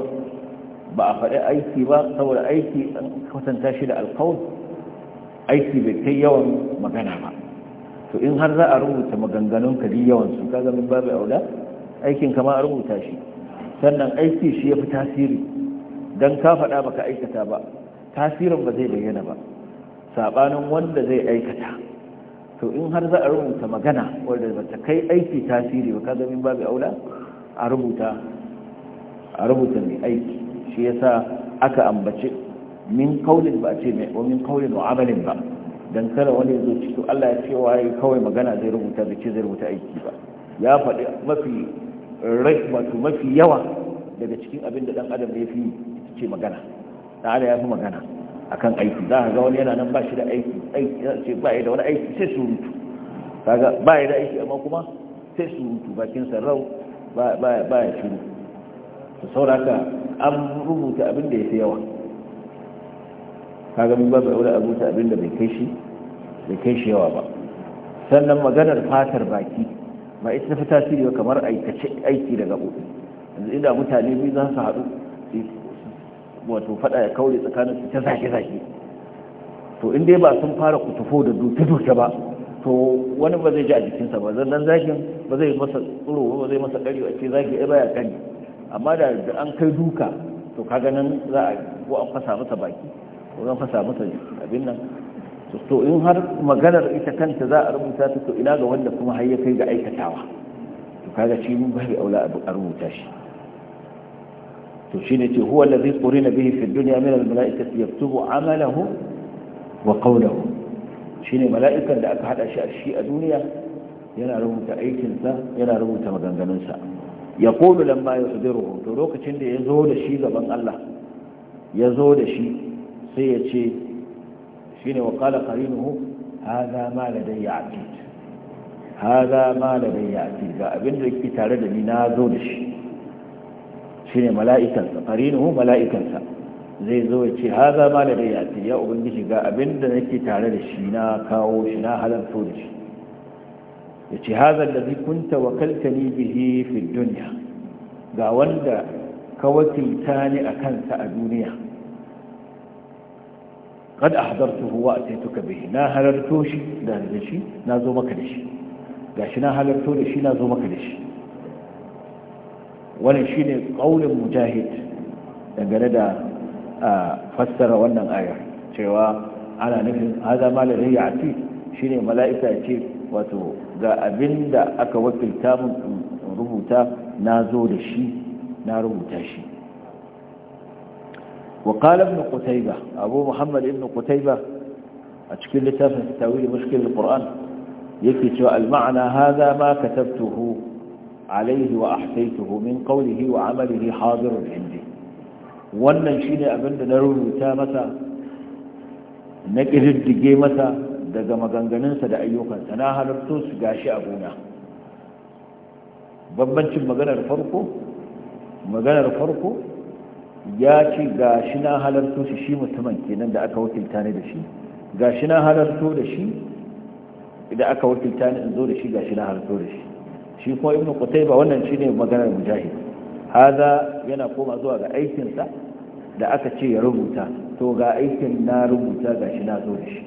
ba a faɗi aiki ba saboda aiki an kwatanta shi da alqaul aiki bai kai yawan magana ba to in har za a rubuta maganganun ka yawan su kaga min babu aula aikin kama a rubuta shi sannan aiki shi ya fi tasiri don ka faɗa baka aikata ba tasirin ba zai bayyana ba sabanin wanda zai aikata to in har za a rubuta magana wanda ba ta kai aiki tasiri ba ka zamin babu aula a rubuta a rubuta mai aiki shi yasa aka ambace min kaulin ba a ce mai min kaulin wa amalin ba dan kada wani zo ci to Allah ya ce yi kawai magana zai rubuta zai ce zai rubuta aiki ba ya faɗi mafi rai wato mafi yawa daga cikin abin da dan adam ya fi ce magana da Allah ya fi magana akan aiki za ka ga wani yana nan ba shi da aiki aiki ba ya da wani aiki sai surutu kaga ba ya da aiki amma kuma sai surutu bakin sarrau ba ba ya shiru to sauraka an rubuta abin da ya fi yawa kaga mun ba zai wani abuta abin da bai kai shi bai kai shi yawa ba sannan maganar fatar baki ba ita ta fi tasiri kamar aikace aiki daga gobe yanzu inda mutane biyu za su haɗu wato fada ya kaure tsakanin su ta zage zage to in dai ba sun fara kutufo da duke duke ba to wani ba zai ji a jikinsa ba zan zakin ba zai masa tsoro ba zai masa kari a ce zaki ai baya kani amma da an kai duka to kaga nan za a ko an fasa masa baki ko an fasa masa abin nan to in har maganar ita kanta za a rubuta ta to ina ga wanda kuma har ya kai ga aikatawa to kaga shi mun bai aula a rubuta shi to shi shine ce huwa allazi na bihi fi dunya min al mala'ikati yaktubu amalahu wa Shi ne mala'ikan da aka haɗa shi a shi a duniya yana rubuta aikinsa yana rubuta maganganunsa ya kolo lamma ya tsadiru to lokacin da ya zo da shi gaban Allah ya zo da shi sai ya ce shi ne wa kala karinuhu haza ma ladayya atid haza ma ya ake, ga abin da ke tare da ni na zo da shi shine mala'ikansa farinuhu mala'ikansa zai zo ya ce haza ma da ya ce ya ubangiji ga abin da nake tare da shi na kawo shi na halarto da shi ya ce haza da zai kunta wakaltani bihi fi duniya ga wanda ka wakilta ni a kansa a duniya kad أحضرته وأتيتك a sai هلرتوشي ده Na نا زومك لشي gashi na halarto da shi na zo maka da shi wannan shine ƙaunin mujahid dangane da fassara wannan ayar cewa ana nufin hada malamin ya ati shine mala'ika ya ce wato ga abin da aka wakilta mun rubuta na zo da shi na rubuta shi وقال ابن قتيبة أبو محمد ابن قتيبة أشكل لتافة تأويل مشكل القرآن يكتب المعنى هذا ما كتبته alaihi wa ahsaituhu min qawlihi wa amalihi hadirun indi wannan shine abin da na rubuta masa na kididdige masa daga maganganunsa da ayyukansa na halarto su gashi a gona bambancin maganar farko maganar farko ya ce gashi na halarto shi shi mutumin kenan da aka wakilta ne da shi gashi na halarto da shi idan aka wakilta ne in zo da shi gashi na halarto da shi shi kuma ibn qutayba wannan shine maganar mujahid hada yana koma zuwa ga aikin sa da aka ce ya rubuta to ga aikin na rubuta gashi na zo shi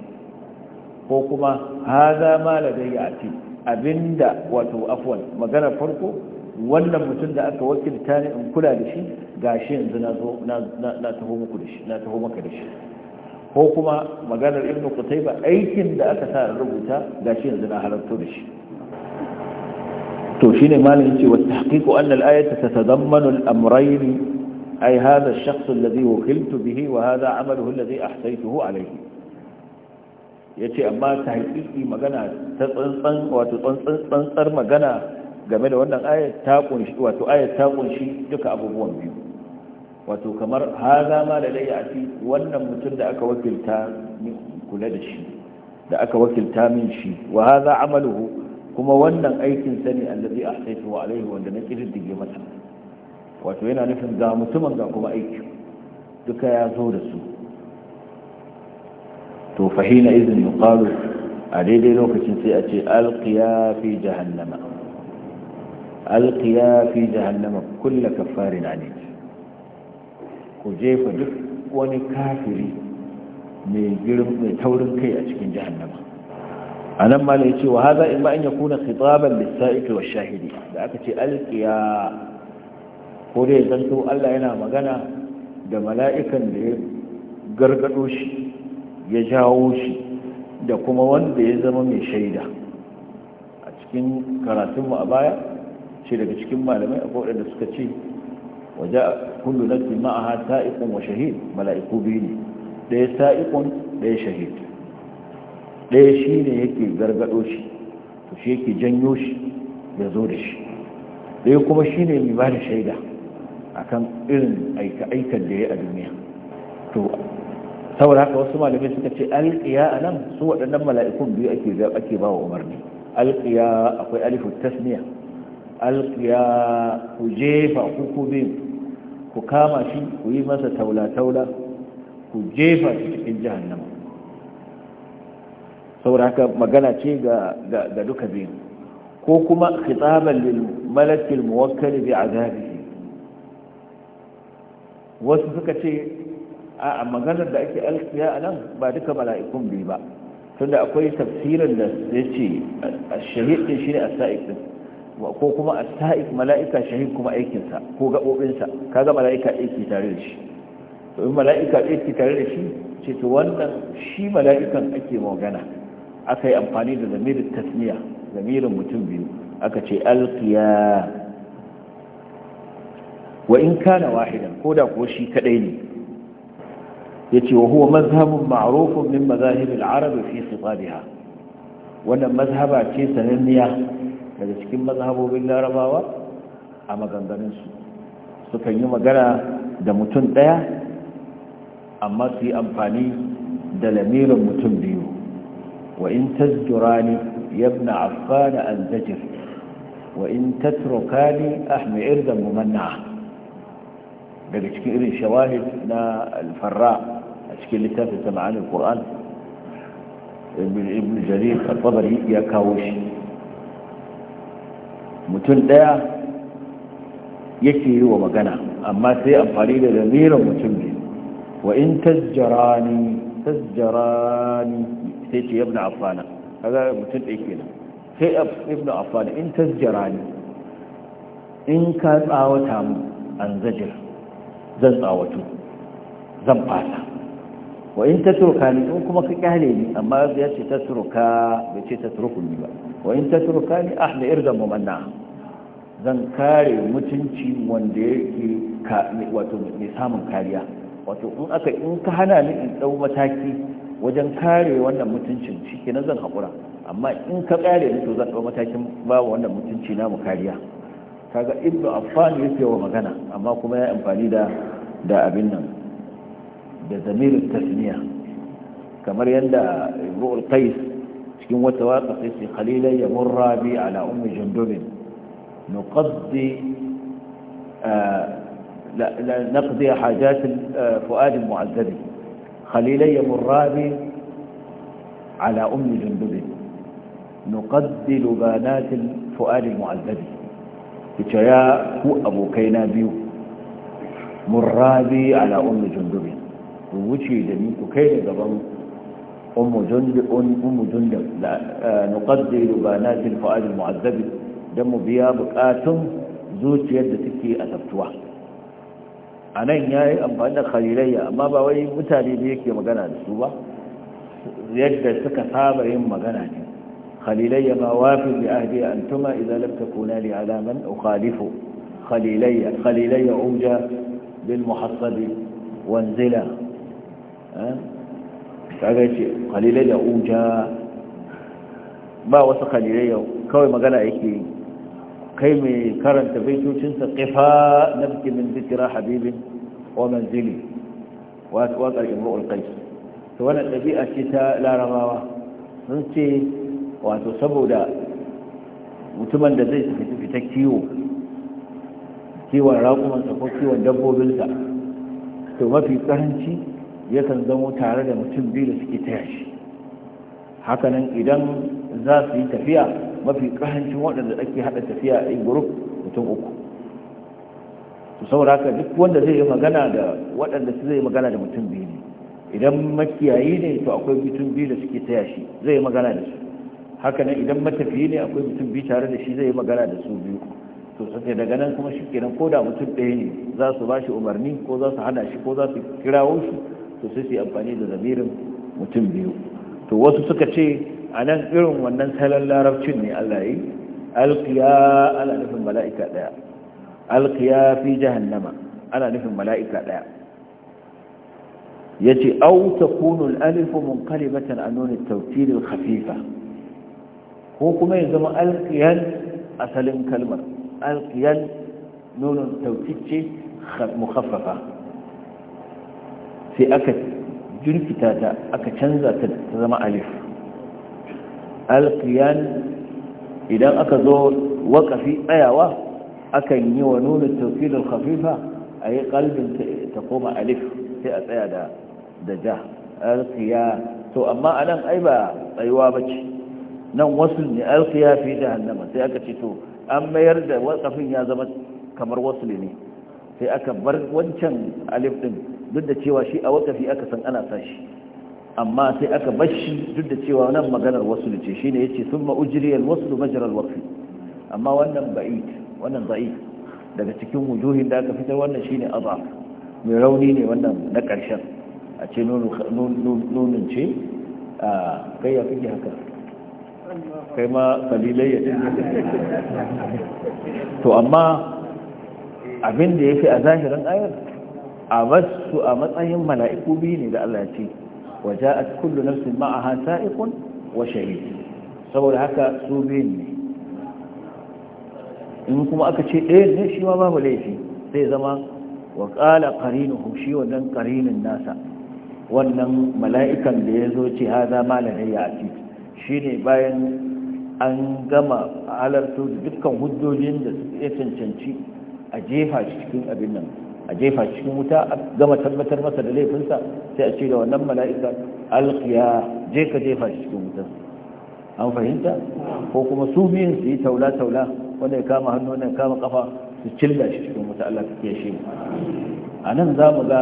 ko kuma hada ma ya ce abinda wato afwan maganar farko wannan mutum da aka wakilta ne in kula da shi gashi yanzu na zo na taho muku da shi na taho maka da shi ko kuma maganar ibn qutayba aikin da aka sa rubuta gashi yanzu na halarto da shi to shine malamin yace wa tahqiqu anna al-ayata tatadammanu al-amrayn ay haza ash da zai wakiltu bihi wa haza da hadha 'amaluhu alladhi ahsaytuhu ya ce amma ta tahqiqi magana ta tsantsan wato tsantsar magana game da wannan ayat ta kunshi duka abubuwan biyu wato kamar haza ma ladayya ati wannan mutum da aka wakilta ni kula da shi da aka wakilta min shi wa hadha 'amaluhu kuma wannan aikin sani allazi ahsaytu alaihi wanda na kididdige masa wato yana nufin ga mutumin ga kuma aiki duka ya zo da su to fahina izin yuqalu a daidai lokacin sai a ce alqiya fi jahannama alqiya fi jahannama kullu kafarin anid ku jefa duk wani kafiri mai girin mai taurin kai a cikin jahannama anan ma ne ce wa haza in ma ya kuna khitaban lis-sa'iqi shahidi da aka ce alqiya ko dai zanto Allah yana magana da mala'ikan da ya gargado shi ya jawo shi da kuma wanda ya zama mai shaida a cikin karatunmu a baya ce daga cikin malamai akwai da suka ce waje kullu nafsin ma'aha wa shahid mala'iku biyu ne ɗaya sa'iqun ɗaya shahid ɗaya shi ne yake gargado shi to shi yake janyo shi ya zo da shi ɗaya kuma shi ne mai ba da shaida akan irin aika-aikan da ya a duniya to saboda haka wasu malamai suka ce alƙiya a nan su waɗannan mala'ikun biyu ake ake ba wa umarni alƙiya akwai alifu tasniya alƙiya ku jefa ku ku kama shi ku yi masa taula-taula ku jefa shi cikin jahannama saboda haka magana ce ga duka biyu ko kuma khitaban lil malakil muwakkal bi azabihi wasu suka ce a maganar da ake alkiya nan ba duka mala'ikun biyu ba tunda akwai tafsirin da ya ce a shahid din shi ne a sa'ik din ko kuma a sa'ik mala'ika shahid kuma aikinsa ko gaɓoɓinsa kaga mala'ika aiki tare da shi to in mala'ika aiki tare da shi ce to wannan shi mala'ikan ake magana aka yi amfani da zamirin tasniya zamirin mutum biyu aka ce alkiya wa in kana wahidan ko da kuwa shi kadai ne yace wa huwa mazhabun ma'rufun min mazahib al-arab fi sifatiha wannan mazhaba ce sananniya daga cikin mazhabobin larabawa a maganganun su sukan yi magana da mutum ɗaya, amma su yi amfani da lamirin mutum biyu وإن يا ابن عفان أن تجر وإن تتركاني أحمي إردا ممنعا لكن إذن شواهد لا الفراء أشكي اللي تفت معاني القرآن ابن ابن جليل الفضل يا كاوش متن ديا يكي هو مقنع أما سيئا قليلا لمير متن وإن تزجراني تزجراني sai ce yabna afana kaga mutum ɗaya kenan sai ibn afana in tasjara ni in ka tsawata mu an zajir zan tsawatu zan fasa wa in ta turka ni in kuma ka kyale ni amma ya ce turka bai ce ni ba wa in ta turka ni ahda irdan mumanna zan kare mutunci wanda yake wato mai samun kariya wato in aka in ka hana ni in dau mataki wajen kare wannan mutuncin shi kenan zan haƙura amma in ka kare ni to zan ɗau matakin ba wannan mutunci na mu kariya kaga ibnu affan yake wa magana amma kuma ya amfani da da abin nan da zamirin tasniya kamar yadda ibnu qais cikin wata waka sai sai khalilai ya murra bi ala ummi jundubin nuqaddi نقضي fuad al-mu'azzabi خليلي مرابي على أم جندب نقدل بانات الفؤاد المعذب يا هو أبو كينا بيو مرابي على أم جندب ووشي دميك كينا قبل أم جندب أم جندب لا آه، نقدل بانات الفؤاد المعذب دم بيا بكاتم زوج يد تكي أتبتوه a nan ya yi amfani da khalilayya amma ba wai mutane da yake magana da su ba yadda suka saba yin magana ne khalilayya ma wafi bi ahdi antuma idan lam takuna li alaman ukhalifu khalilayya khalilayya umja bil muhassabi wanzila kaga ce khalilayya uja ba wasu khalilayya kawai magana yake yi kai mai karanta baitocinsa na bikin min zikira habibin wa manzili waƙar imru'ul qais to Wani ɗabi'a ce ta larabawa sun ce wato saboda mutumin da zai tafi fita kiwo kiwon raƙumansa ko kiwon dabbobinsa to mafi karanci yakan zamo tare da mutum biyu da suke taya shi hakanan idan za su yi tafiya mafi kahancin waɗanda ake haɗa tafiya a group mutum uku su sauraka duk wanda zai yi magana da waɗanda su zai magana da mutum biyu ne idan makiyayi ne to akwai mutum biyu da suke taya shi zai yi magana da su haka nan idan matafiyi ne akwai mutum biyu tare da shi zai yi magana da su biyu to sai daga nan kuma shi nan ko da mutum ɗaya ne za su ba shi umarni ko za su hana shi ko za su kirawo shi to sai su yi amfani da zamirin mutum biyu to wasu suka ce a nan irin wannan salon larabcin ne Allah yi alkiya ana nufin mala'ika ɗaya alkiya fi jahannama ana nufin mala'ika ɗaya ya ce Auta ta kunun alifu mun kalibatan a nuna tautirin hafifa ko kuma ya zama alkiyan asalin kalmar alkiyan nunin tautice mukhaffafa sai aka jirkita ta aka canza ta zama alif alqiyan idan aka zo wakafi tsayawa akan yi wa nuna tawkilul khafifa ayi qalbin ta koma alif sai a tsaya da ja to amma anan ai ba tsayuwa ce. nan wasu ne alqiya fi jahannama sai aka ce to an mayar da wakafin ya zama kamar wasu ne sai aka bar wancan alif din duk da cewa shi a wakafi aka san ana sashi amma sai aka bashi duk da cewa nan maganar wasu ce shine sun thumma wasu da majral waqfi amma wannan ba'id wannan da'if daga cikin wujuhin da aka fitar wannan shine azaf mai rauni ne wannan na karshen a ce nunin ce a kai ya fi haka kai ma kalilai ya to amma abin da ya fi a zahirin ayar a wasu a matsayin mala'iku biyu ne da Allah ya ce وجاءت كل نفس معها سائق وشهيد saboda haka su ne in kuma aka ce ɗayan ne shi ma babu laifi zai zama wa ƙala ƙarinuhu shi wannan ƙarinin nasa wannan mala'ikan da ya zo ce haza malamai malanayya a shi ne bayan an gama halarta dukkan hujjojin da ya cancanci a jefa cikin abin nan a jefa cikin wuta a gama tabbatar masa da laifinsa sai a ce da wannan mala'ika alkiya je ka jefa cikin wuta an fahimta ko kuma su biyun su yi taula taula wanda ya kama hannu wanda ya kama kafa su cilla shi cikin wuta Allah shi a nan za mu ga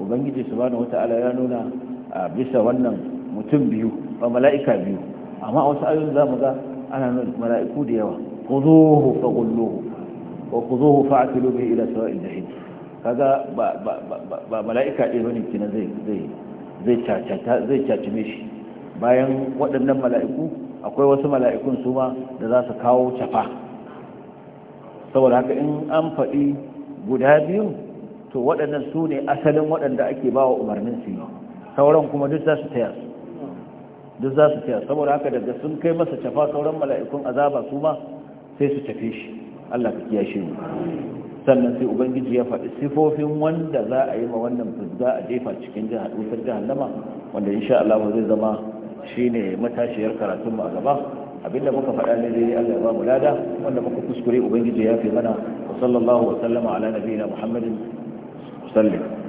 ubangiji subhanahu wata'ala ya nuna a bisa wannan mutum biyu ba mala'ika biyu amma a wasu ayoyin za mu ga ana nuna mala'iku da yawa خذوه a وخذوه فاعتلوا به إلى سواء الجحيم kaga ba mala'ika a bane kina zai zai cacime shi bayan waɗannan mala'iku akwai wasu mala'ikun su ma da za su kawo cafa saboda haka in an faɗi guda biyu to waɗannan su ne asalin waɗanda ake ba wa umarnin su yi sauran kuma duk za su taya su duk za su taya saboda haka daga sun kai masa cafa sauran mala'ikun azaba su ma sai su tafe shi Allah ka kiyashe mu sannan sai ubangiji ya faɗi sifofin wanda za a yi ma wannan fizza a jefa cikin jihar wutar jahannama wanda insha Allah zai zama shine matashiyar karatun mu a gaba abinda muka faɗa ne dai Allah ya ba mu lada wanda muka kuskure ubangiji ya fi mana wa sallallahu wa sallama ala nabiyina muhammadin sallallahu